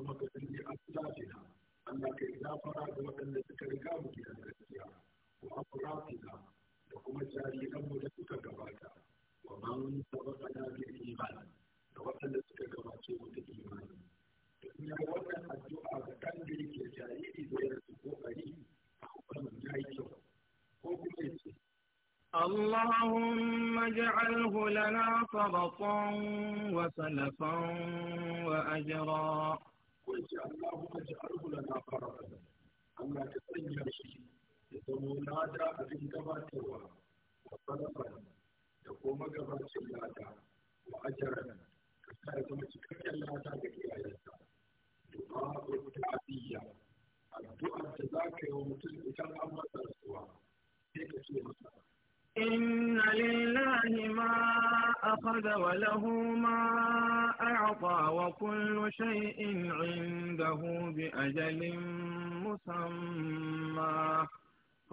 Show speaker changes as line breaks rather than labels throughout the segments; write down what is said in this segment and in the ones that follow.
kuma ka sani a tsafina Allah ka yi gafara ga waɗanda suka riga mu gidan gaskiya wa afratina da kuma jari'anmu da suka gabata wa man sabaqana bil iman da waɗanda suka gabace mu da imani da kuma wannan addu'a ga kan da yake jariri da ya rasu kokari a hukumar yayi kyau ko kuma ya yace
اللهم اجعله لنا صبطا وسلفا وأجرا
wace Allah kuma ji arkula na fara Allah ka sanya shi ya zama lada abin gabatarwa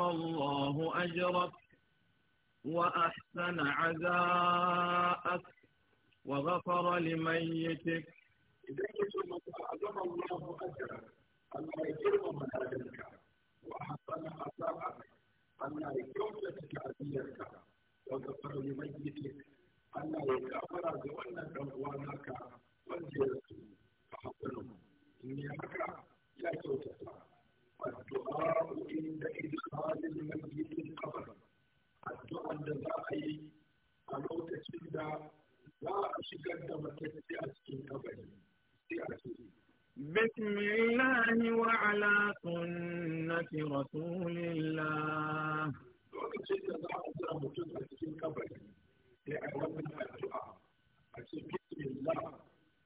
عظم الله أجرك وأحسن عزاءك وغفر لمن يتك
إذا كنت عظم الله أجرك الله يجرم من أجرك
رسول الله
ومن شيء ذا أسرى موجود في الكبر الدعاء في بسم الله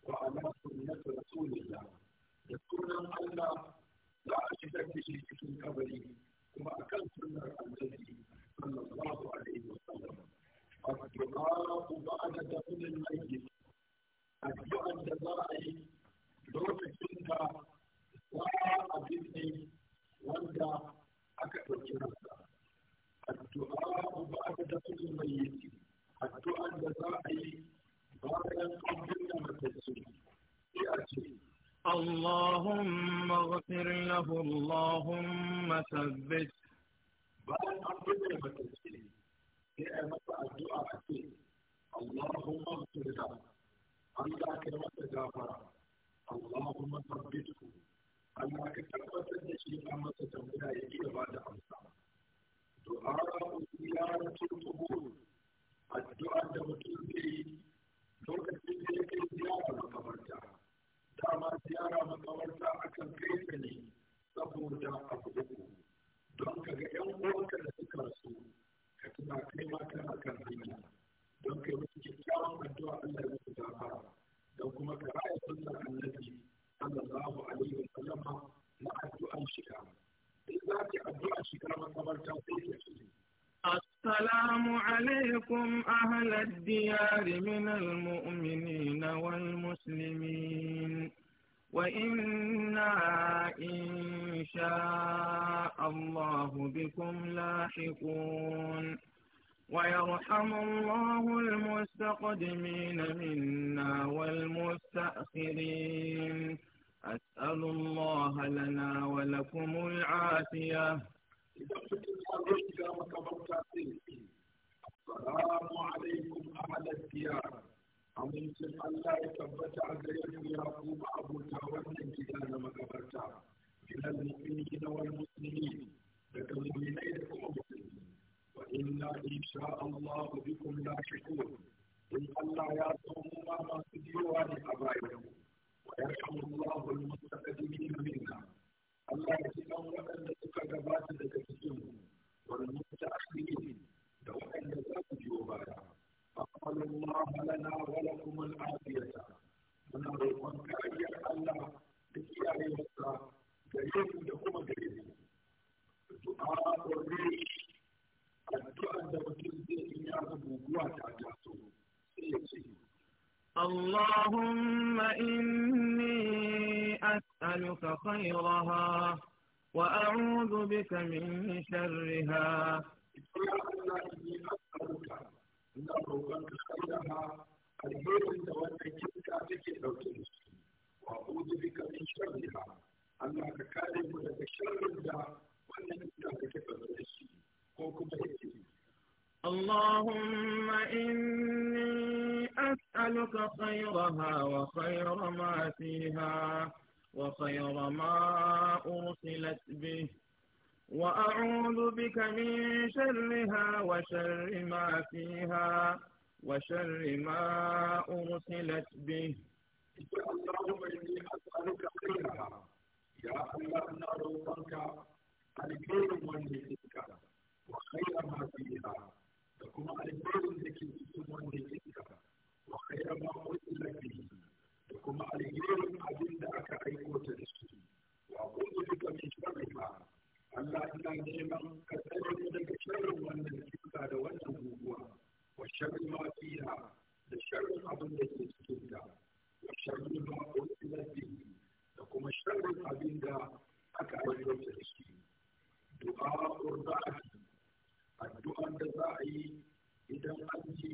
وعلى سنة رسول الله يذكرنا الله لا أشهد به في الكبر وما أكل صلى الله عليه وسلم الدعاء بعد دفن الميت الدعاء الجزائي دور السنة وعلى wanda aka ɗauki الدعاء addu'a ba a da su بعد yi addu'a da اللهم
اغفر له اللهم ثبت
بعد أن بدأ بتسليم هي الدعاء فيه اللهم اغفر له أنت كلمة جافرة اللهم ثبته amma ka tabbatar da shi an masa tambaya ya iya ba da amsa to a ziyaratul qubur addu'a da mutum zai yi lokacin da ya kai ziyara makabarta dama ziyara makabarta akan kai ta ne saboda abu uku
لاحقون ويرحم الله المستقدمين منا والمستأخرين أسأل الله لنا ولكم العافية
السلام عليكم أهل الديار أمين الله يتبتع ذلك يقوم أبو تهوى من جدان مكبرتا المؤمنين والمسلمين فكوني بينكم ومسلمين إن شاء الله بكم لا لاحقون إن الله يرحم ما سديوا عن أبائهم ويرحم الله المستقدمين منا الله يسلم وأن تكذبات تكفيهم والمتأخرين لو أن ذات جوبايا أقبل الله لنا ولكم العافية من روحك أيها الله بكيائي وسطى جريم لكم جريم
اللهم إني أسألك خيرها وأعوذ بك من شرها
يا إني أسألك خيرها بك وأعوذ بك من شرها أنك كاذب لك شر
اللهم إني أسألك خيرها وخير ما فيها وخير ما أرسلت به وأعوذ بك من شرها وشر ما فيها وشر ما أرسلت به
اللهم إني أسألك خيرها يا الله نروضك alherin wanda yake kasa wa khairan ma fiha da kuma alherin da ke cikin wanda yake kasa wa khairan ma qutila fihi da kuma alherin abin da aka aiko ta da shi wa qulu bika min sharriha Allah ina neman ka tsare mu daga sharrin wannan cuta da wannan guguwa wa sharri ma fiha da sharrin abin da ke cikin ta wa sharri ma qutila fihi da kuma sharrin abin da aka aiko ta da shi du'a qur'ati addu'an da za a yi idan an ce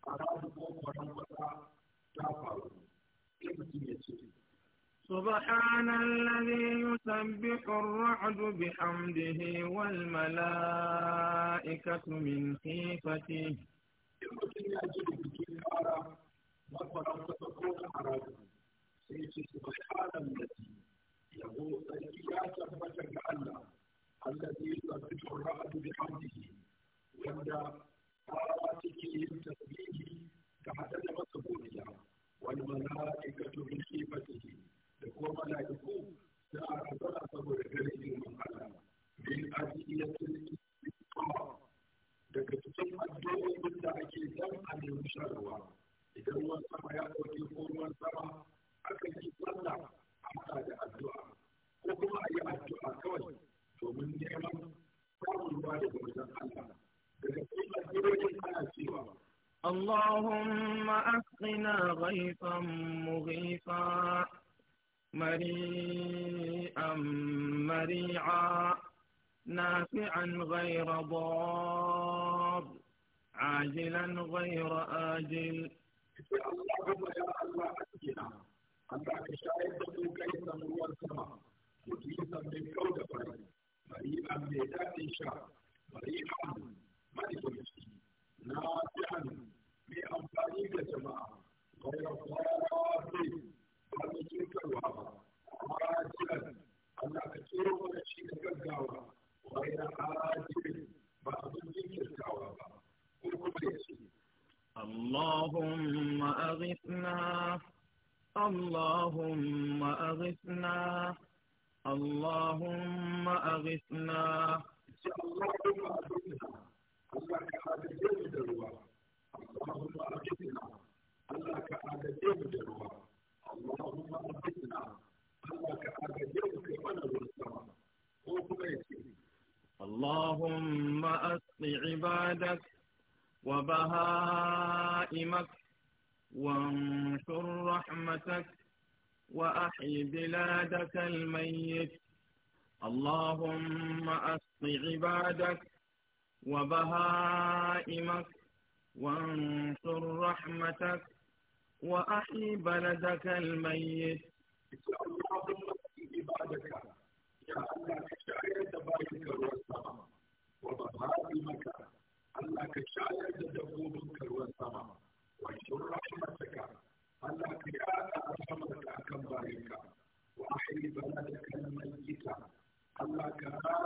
a ranar kwanan wata ta faru sai mutum ya ce
سبحان الذي يسبح الرعد بحمده والملائكة من خيفته
سبحان الذي Hallake masu wanda farawa da haɗa da Wani mana ya gato biyu matsuguni, da kuma mana ya ke a rasuwa saboda Daga cikin madowar ake jan ake Idan wansama ya sauke ko wansama, aka ginsanna a addu'a.
اللهم أسقنا غيثا مغيثا مريئا مريعا نافعا غير ضار عاجلا غير آجل
اللهم يا الله أسقنا أنت كشاهد غيثا هو السماء مغيثا من كوكب مريئا من ذات شاء مريحا ملك نافعا mai amfani ga jama'a bai da farawa bai ba mai cutarwa ba amma ajiran Allah ka kero mana shi da gaggawa bai da ajirin ba abin jinkirtawa ba ko kuma ya ce
اللهم أغثنا اللهم أغثنا اللهم أغثنا اللهم أسق عبادك وبهائمك وانشر رحمتك وأحي بلادك الميت اللهم أسق عبادك وبهائمك وانشر رحمتك وأحي بلدك الميت
اللهم أسق عبادك ya Allah ka shayar da bayan ka ruwan sama da dabbobin ka ruwan sama wa Allah ka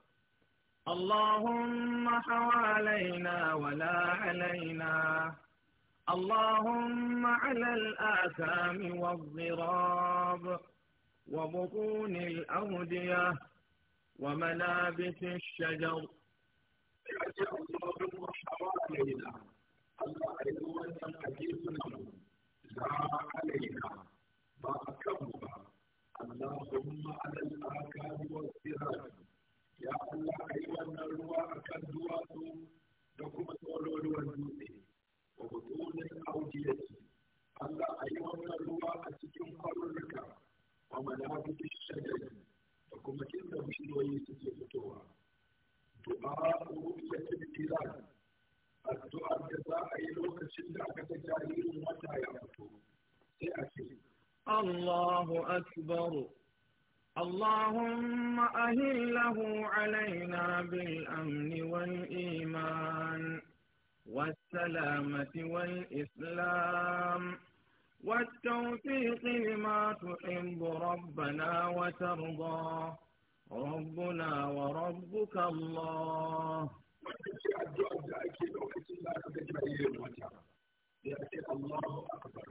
اللهم حوالينا ولا علينا اللهم على الآثام والضراب وبطون الأودية وملابس الشجر
اللهم حوالينا الله علينا ما اللهم على الآثام والضراب ya Allah ka yi wannan ruwa a kan duwatsu da kuma tsololuwar dutse wa hutunin audiyaki Allah a yi wannan ruwa a cikin kwarurruka na malabuki shagari da kuma da bishiyoyi suke fitowa du'a ru'yatul hilal addu'a da za a yi lokacin da aka ga jaririn wata ya fito sai a ce
Allahu akbar اللهم أهله علينا بالأمن والإيمان والسلامة والإسلام والتوفيق لما تحب ربنا وترضى ربنا وربك
الله الله أكبر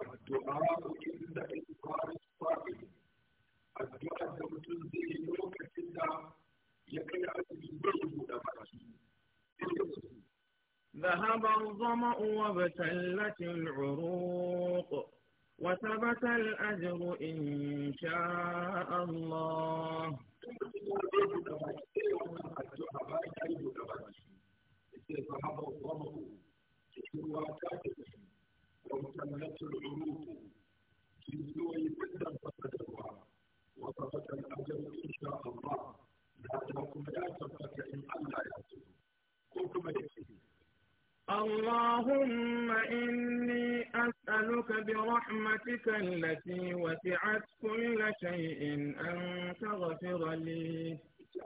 الدعاء عند إنكار الصائم الدعاء تنزل
ذهب الظمأ وابتلت العروق وثبت الأجر إن شاء الله
ذهب الظمأ ومسميات العروق في سوى قدم فتدوى وثبت الاجل ان شاء الله لعلكم لا تبقى ان الا يعصوا قلتم
اللهم إني أسألك برحمتك التي وسعت كل شيء أن تغفر لي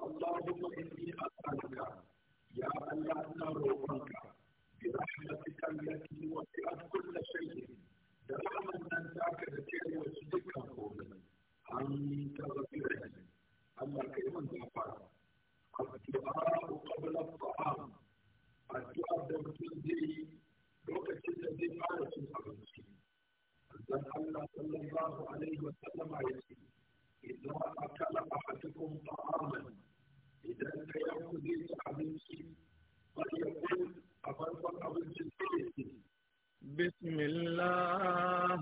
اللهم إني أسألك يا الله نروقك برحمتك
الله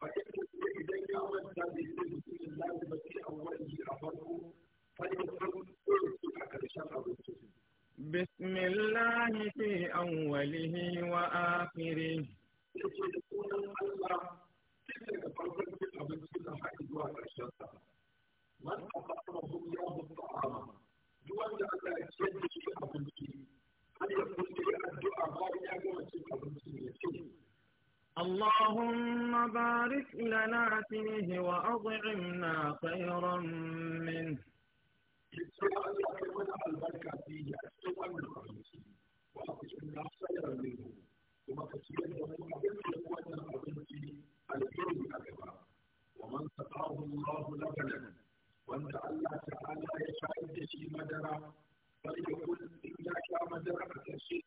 فإنه إذا كان ذلك بسم الله في أوله أفضل فليكن أرسل أكرشا
بسم الله في أوله وآخره. الله اللهم بارك لنا فيه وأطعمنا
خيرا منه ومن سقاه الله لبنا وانت الله تعالى يشاهد شي مدرا فليقل إلا كان مدرا فشيء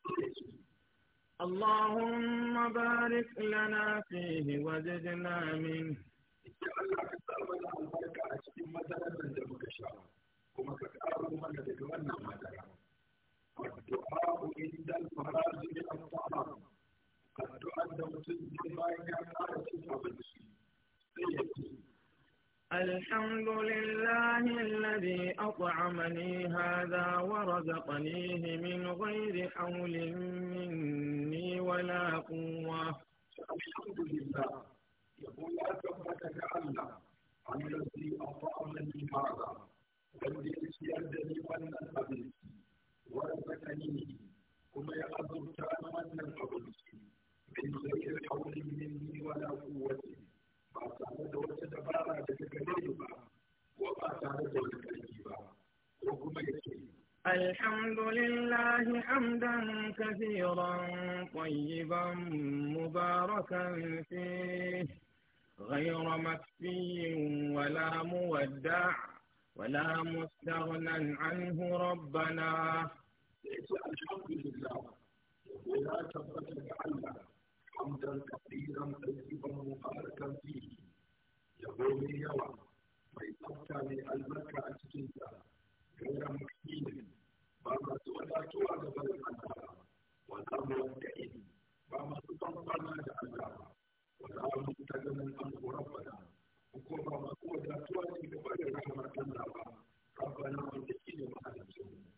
اللهم بارك لنا فيه وزدنا منه
ya Allah ka sa mana albarka a cikin madarar nan da muka sha kuma ka mana daga wannan madara addu'a inda da mutum zai bayan ya abinci
الحمد لله الذي أطعمني هذا ورزقنيه من غير حول مني ولا قوة
الحمد لله يقول لا أكبرك عن الذي أطعمني هذا والذي سيدني من الأبيض
الحمد لله حمدا كثيرا طيبا مباركا فيه غير مكفي ولا مودع ولا مستغنى عنه ربنا
ليس الحمد لله ولا تبت على حمدا كثيرا طيبا مباركا فيه يقول يوم فإذا أتى لقلبك أسجدا غير مكفي ba masu wadatuwa ga barin Allah da masu da Allah ba ta ganin an rabbana ko masu wadatuwa ne ga barin rahmar Allah da wanda